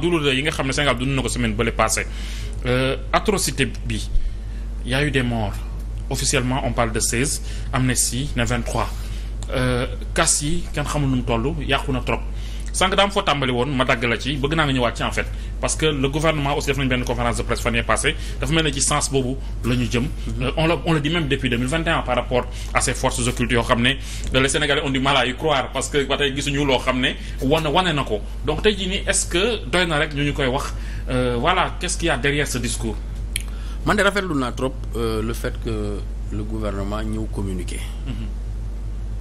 douloureux yi nga xam ne Sénégal dund na ko semaine bële passé euh, atrocité bi y a eu des morts officiellement on parle de seize si ne vingt-trois euh, cas yi kenn xamul nu mu toll yàqu na trop sànq daam foo tàmbali woon ma dagg la ci bëgg naa nga ñëwaat ci en fait parce que le gouvernement aussi def nañu benn conférence de presse fan yii passé dafa mel ne ci sens boobu la ñu jëm. Mhm. Euh, on le on le dit même depuis par rapport à ces forces occultes yoo xam ne euh, les Sénégalais ont du mal à croire parce que ba gisuñu loo xam ne wane wane na ko donc tey jii nii est que doy na rek ñu ñu koy wax euh, voilà qu'est-ce qu'il discours. man de rafetlu naa trop le fait que le gouvernement ñëw communiquer. Mhm.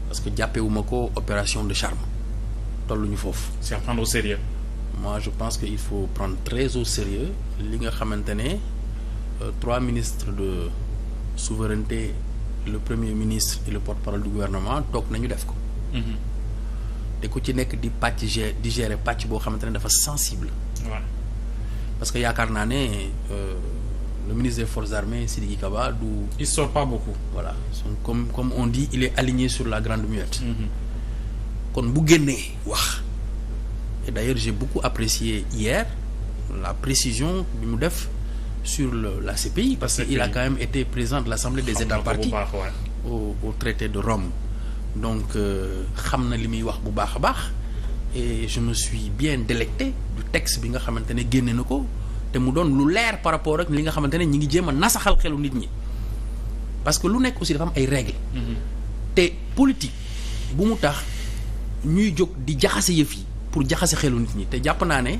parce que jàppewuma ko opération de charme. tolluñu foofu. c'est à prendre au sérieux. moi je pense que il faut prendre très au sérieux li nga xamante ne euh, trois ministres de souveraineté le premier ministre et le porte-parole du gouvernement toog nañu def ko. Mhm. te ko ci nekk di pàcc gé di gérer pàcc boo xamante ne dafa sensible. waaw parce que yaakaar naa ne. Euh, le ministre des forces armées Sidiki Kaba du. il sort pas beaucoup. comme comme on dit il est aligné sur la grande muette. Mhm. kon bu génnee wax et d'ailleurs j'ai beaucoup apprécié hier la précision bi mu def sur le la CPI parce que il a quand même été président de l'Assemblée des États parties au au traité de Rome donc euh, xam na li muy wax bu baax a baax et je me suis bien délecté du texte bi nga xamante ne génne na ko te mu doon lu leer par rapport ak li nga xamante ne ñi ngi jéem a nasaxal xelu nit ñi parce que lu nekk aussi dafa am ay règles mm-hmm. te politique bu mu tax ñuy jóg di jaxase yëf yi pour jaxase xelu nit ñi te jàpp naa ne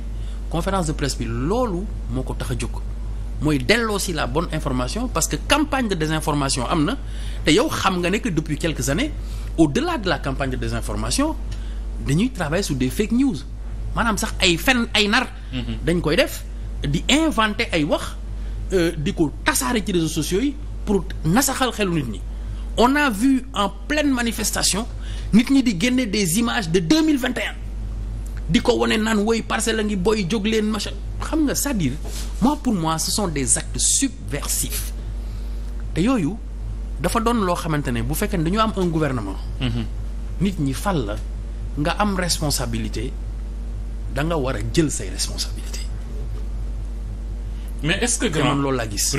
conférence de presse bi loolu moo ko tax a jóg mooy delloo si la bonne information parce que campagne de désinformation am na te yow xam nga ne que depuis quelques années au-delà de la campagne de désinformation dañuy travailler sur des fake news maanaam sax ay fen ay nar. Mhm. dañ koy def di inventer ay wax euh, di ko tasaare ci réseaux sociaux yi pour nasaxal xelu nit ñi. on a vu en pleine manifestation nit ñi di génne des images de deux mille vingt et di ko wane naan woy parcelle la ngi booy jóg leen machin xam nga cest dire moi pour moi ce sont des actes subversifs te yooyu dafa doon loo xamante ne bu fekkee ne dañu am un gouvernement. Mhm. nit ñi fal la nga am responsabilité da nga war a jël say responsabilité mais est-ce que grand loolu laa gis.